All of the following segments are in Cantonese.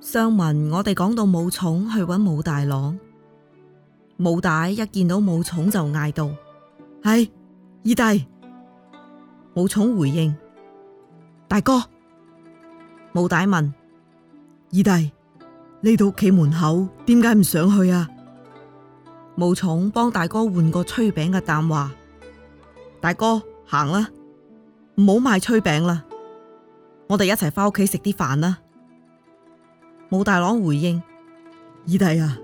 上文我哋講到武松去搵武大郎，武大一見到武松就嗌道：，係二弟。武松回應：大哥。武大問：二弟，嚟到屋企門口，點解唔上去啊？武松幫大哥換個炊餅嘅蛋話：大哥行啦，唔好賣炊餅啦，我哋一齊翻屋企食啲飯啦。武大郎回應：二弟啊，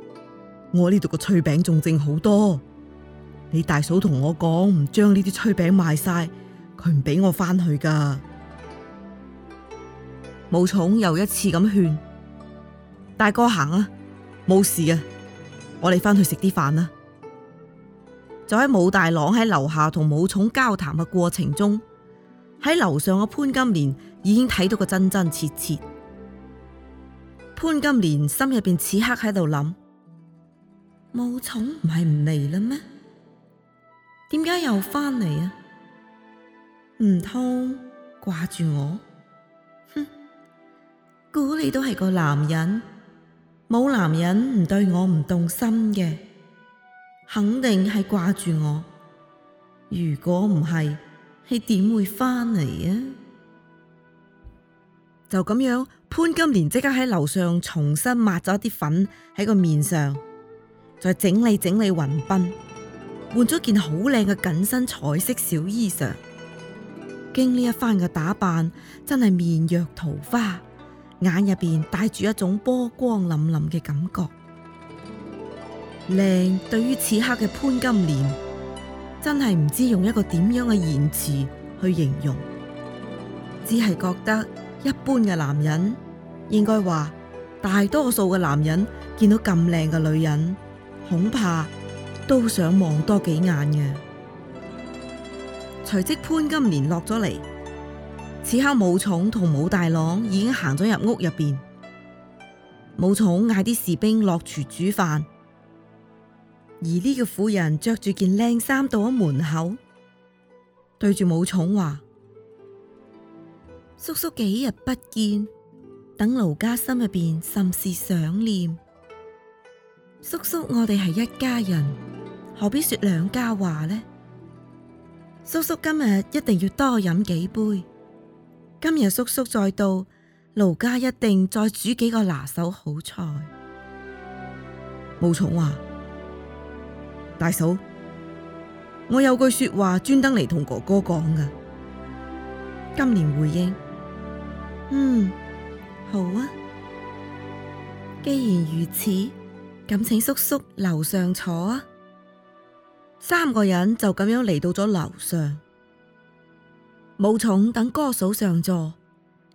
我呢度個炊餅仲剩好多。你大嫂同我講，唔將呢啲炊餅賣晒，佢唔俾我翻去噶。武松又一次咁勸：大哥行啊，冇事啊，我哋翻去食啲飯啦。就喺武大郎喺樓下同武松交談嘅過程中，喺樓上嘅潘金蓮已經睇到個真真切切。潘金蓮心入邊此刻喺度諗：冇寵唔係唔嚟啦咩？點解又翻嚟啊？唔通掛住我？哼！估你都係個男人，冇男人唔對我唔動心嘅，肯定係掛住我。如果唔係，你點會翻嚟啊？就咁樣。潘金蓮即刻喺樓上重新抹咗啲粉喺個面上，再整理整理雲鬢，換咗件好靚嘅緊身彩色小衣裳。經呢一番嘅打扮，真係面若桃花，眼入邊帶住一種波光粼粼嘅感覺。靚對於此刻嘅潘金蓮，真係唔知用一個點樣嘅言辭去形容，只係覺得。一般嘅男人應該話，大多數嘅男人見到咁靚嘅女人，恐怕都想望多幾眼嘅。隨即潘金蓮落咗嚟，此刻武松同武大郎已經行咗入屋入邊。武松嗌啲士兵落廚煮飯，而呢個婦人着住件靚衫到咗門口，對住武松話。叔叔幾日不見，等奴家心入面甚是想念。叔叔，我哋係一家人，何必說兩家話呢？叔叔今日一定要多飲幾杯。今日叔叔再到，奴家一定再煮幾個拿手好菜。武松話：大嫂，我有句說話專登嚟同哥哥講噶。今年回應。嗯，好啊。既然如此，咁請叔叔樓上坐啊。三個人就咁樣嚟到咗樓上。武重等哥嫂上座，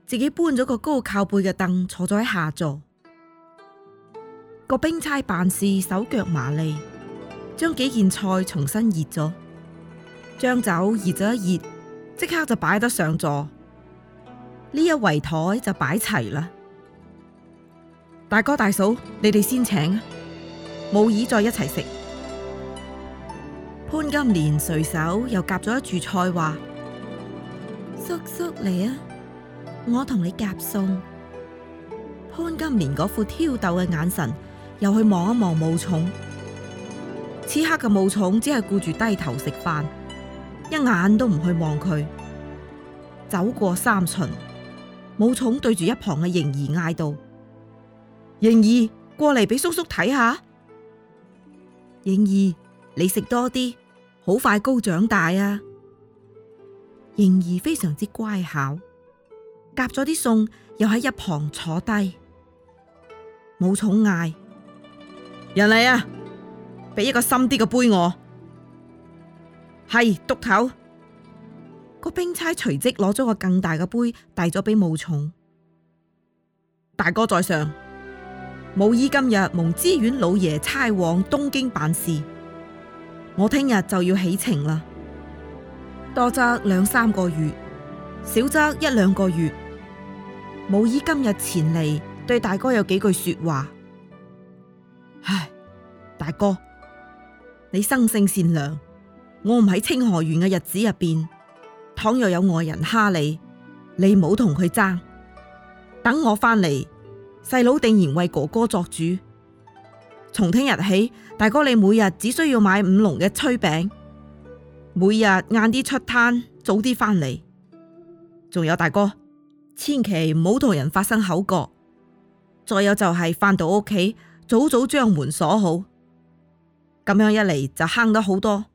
自己搬咗個高靠背嘅凳坐咗喺下座。個兵差辦事手腳麻利，將幾件菜重新熱咗，將酒熱咗一熱，即刻就擺得上座。呢一圍台就擺齊啦，大哥大嫂，你哋先請啊，冇椅再一齊食。潘金蓮隨手又夾咗一箸菜，話：叔叔嚟啊，我同你夾餸。潘金蓮嗰副挑逗嘅眼神，又去望一望武松。此刻嘅武松只係顧住低頭食飯，一眼都唔去望佢。酒過三巡。武松對住一旁嘅盈兒嗌道：盈兒過嚟俾叔叔睇下。盈兒，你食多啲，好快高長大啊！盈兒非常之乖巧，夾咗啲餸又喺一旁坐低。武松嗌：人嚟啊！俾一個深啲嘅杯我。係，都頭。個兵差隨即攞咗個更大嘅杯，遞咗俾武松。大哥在上，武二今日蒙知縣老爺差往東京辦事，我聽日就要起程啦。多則兩三個月，少則一兩個月。武二今日前嚟對大哥有幾句說話。唉，大哥，你生性善良，我唔喺清河縣嘅日子入邊，倘若有外人蝦你，你冇同佢爭。等我翻嚟，細佬定然為哥哥作主。從聽日起，大哥你每日只需要買五籠嘅炊餅，每日晏啲出攤，早啲翻嚟。仲有大哥，千祈唔好同人發生口角。再有就係翻到屋企，早早將門鎖好。咁樣一嚟就慳咗好多。